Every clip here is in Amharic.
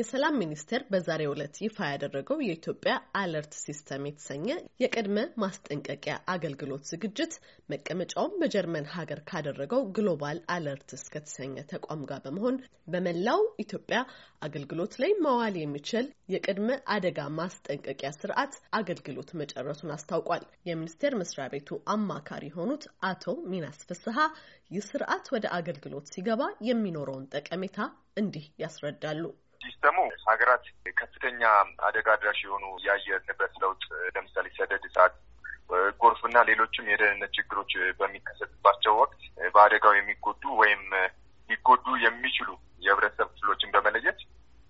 የሰላም ሚኒስቴር በዛሬው ዕለት ይፋ ያደረገው የኢትዮጵያ አለርት ሲስተም የተሰኘ የቅድመ ማስጠንቀቂያ አገልግሎት ዝግጅት መቀመጫውም በጀርመን ሀገር ካደረገው ግሎባል አለርትስ ከተሰኘ ተቋም ጋር በመሆን በመላው ኢትዮጵያ አገልግሎት ላይ መዋል የሚችል የቅድመ አደጋ ማስጠንቀቂያ ስርዓት አገልግሎት መጨረሱን አስታውቋል። የሚኒስቴር መስሪያ ቤቱ አማካሪ የሆኑት አቶ ሚናስ ፍስሀ ይህ ስርዓት ወደ አገልግሎት ሲገባ የሚኖረውን ጠቀሜታ እንዲህ ያስረዳሉ። ሲስተሙ ሀገራት ከፍተኛ አደጋ አድራሽ የሆኑ የአየር ንብረት ለውጥ ለምሳሌ ሰደድ እሳት፣ ጎርፍና ሌሎችም የደህንነት ችግሮች በሚከሰትባቸው ወቅት በአደጋው የሚጎዱ ወይም ሊጎዱ የሚችሉ የህብረተሰብ ክፍሎችን በመለየት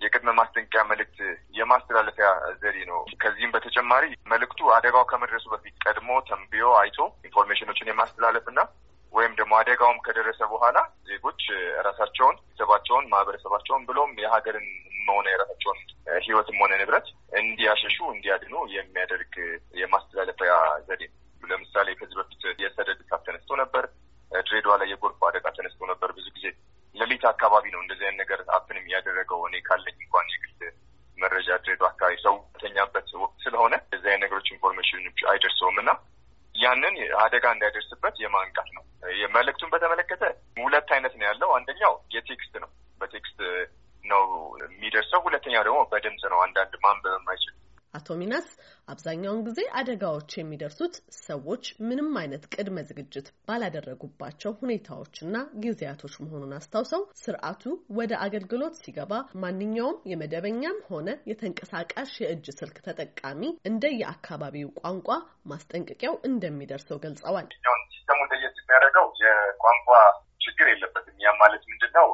የቅድመ ማስጠንቀቂያ መልእክት የማስተላለፊያ ዘዴ ነው። ከዚህም በተጨማሪ መልእክቱ አደጋው ከመድረሱ በፊት ቀድሞ ተንብዮ አይቶ ኢንፎርሜሽኖችን የማስተላለፍና ወይም ደግሞ አደጋውም ከደረሰ በኋላ ዜጎች ራሳቸውን፣ ቤተሰባቸውን፣ ማህበረሰባቸውን ብሎም የሀገርን መሆነ የራሳቸውን ህይወትም ሆነ ንብረት እንዲያሸሹ እንዲያድኑ የሚያደርግ የማስተላለፊያ ዘዴ ነው። ለምሳሌ ከዚህ በፊት የሰደድ እሳት ተነስቶ ነበር። ድሬዳዋ ላይ የጎርፍ አደጋ ተነስቶ ነበር። ብዙ ጊዜ ሌሊት አካባቢ ነው እንደዚህ አይነት ነገር አፕንም ያደረገው። እኔ ካለኝ እንኳን የግል መረጃ ድሬዳዋ አካባቢ ሰው ተኛበት ወቅት ስለሆነ እዚህ አይነት ነገሮች ኢንፎርሜሽን አይደርሰውም እና ያንን አደጋ እንዳይደርስበት የማንቃት ነው። መልእክቱን በተመለከተ ሁለት አይነት ነው ያለው። አንደኛው የቴክስት ነው። ሁለተኛው ደግሞ በድምፅ ነው። አንዳንድ ማንበብ የማይችል አቶ ሚናስ አብዛኛውን ጊዜ አደጋዎች የሚደርሱት ሰዎች ምንም አይነት ቅድመ ዝግጅት ባላደረጉባቸው ሁኔታዎችና ጊዜያቶች መሆኑን አስታውሰው ስርዓቱ ወደ አገልግሎት ሲገባ ማንኛውም የመደበኛም ሆነ የተንቀሳቃሽ የእጅ ስልክ ተጠቃሚ እንደ የአካባቢው ቋንቋ ማስጠንቀቂያው እንደሚደርሰው ገልጸዋል። ሲስተሙ ለየት የሚያደርገው የቋንቋ ችግር የለበትም። ያ ማለት ምንድን ነው?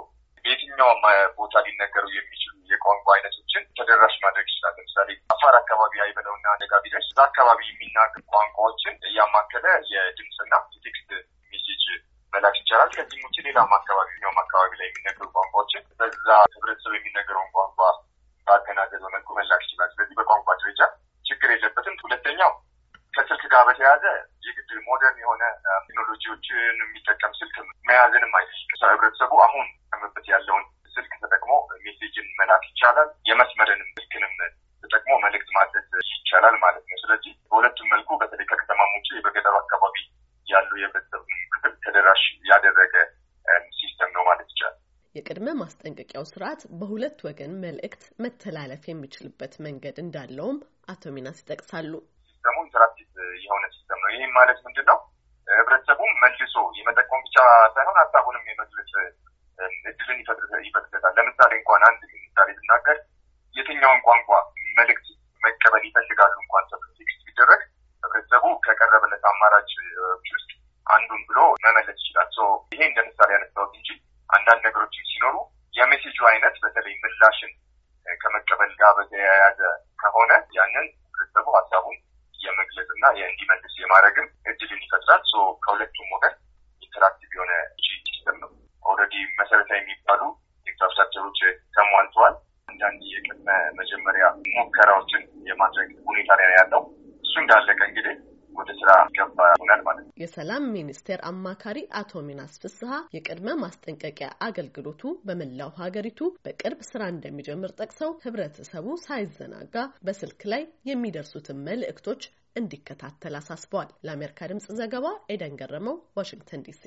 በየትኛውም ቦታ ሊነገሩ የሚችሉ የቋንቋ አይነቶችን ተደራሽ ማድረግ ይችላል። ለምሳሌ አፋር አካባቢ አይበለውና አደጋ ቢደርስ እዛ አካባቢ የሚናገሩ ቋንቋዎችን እያማከለ የድምፅና የቴክስት ሜሴጅ መላክ ይቻላል። ከዚህም ውጭ ሌላም አካባቢ ኛውም አካባቢ ላይ የሚነገሩ ቋንቋዎችን በዛ ህብረተሰብ የሚነገረውን ቋንቋ ባገናዘበ መልኩ መላክ ይችላል። ስለዚህ በቋንቋ ደረጃ ችግር የለበትም። ሁለተኛው ከስልክ ጋር በተያያዘ የግድ ሞደርን የሆነ ቴክኖሎጂዎችን የሚጠቀም ስልክ መያዝንም አይ ህብረተሰቡ አሁን እየተጠቀምበት ያለውን ስልክ ተጠቅሞ ሜሴጅን መላክ ይቻላል። የመስመርንም ስልክንም ተጠቅሞ መልእክት ማድረስ ይቻላል ማለት ነው። ስለዚህ በሁለቱም መልኩ በተለይ ከከተማ ውጭ በገጠሩ አካባቢ ያሉ የህብረተሰብ ክፍል ተደራሽ ያደረገ ሲስተም ነው ማለት ይቻላል። የቅድመ ማስጠንቀቂያው ስርዓት በሁለት ወገን መልእክት መተላለፍ የሚችልበት መንገድ እንዳለውም አቶ ሚናስ ይጠቅሳሉ። ሲስተሙ ኢንተራክቲቭ የሆነ ሲስተም ነው። ይህም ማለት ምንድን ነው? ህብረተሰቡም መልሶ የመጠቆም ብቻ ሳይሆን ሀሳቡንም የመግለጽ ይፈቅድለታል። ለምሳሌ እንኳን አንድ ምሳሌ ብናገር የትኛውን ቋንቋ መልእክት መቀበል ይፈልጋሉ እንኳን ተብሎ ሲደረግ ህብረተሰቡ ከቀረበለት አማራጭ ውስጥ አንዱን ብሎ መመለስ ይችላል። ሶ ይሄ እንደ ምሳሌ ያነሳሁት እንጂ አንዳንድ ነገሮችን ሲኖሩ የሜሴጁ አይነት በተለይ ምላሽን ከመቀበል ጋር በተያያዘ ከሆነ ያንን ህብረተሰቡ ሀሳቡን የመግለጽ እና እንዲመልስ የማድረግም እድልን ይፈጥራል። ከሁለቱም ወገን ኢንተራክቲቭ የሆነ ሲስተም ነው ኦልሬዲ መሰረታዊ ሙከራዎችን የማድረግ ሁኔታ ላይ ያለው እሱ እንዳለቀ እንግዲህ ወደ ስራ ገባ ይሆናል ማለት ነው። የሰላም ሚኒስቴር አማካሪ አቶ ሚናስ ፍስሀ የቅድመ ማስጠንቀቂያ አገልግሎቱ በመላው ሀገሪቱ በቅርብ ስራ እንደሚጀምር ጠቅሰው ህብረተሰቡ ሳይዘናጋ በስልክ ላይ የሚደርሱትን መልእክቶች እንዲከታተል አሳስበዋል። ለአሜሪካ ድምጽ ዘገባ ኤደን ገረመው፣ ዋሽንግተን ዲሲ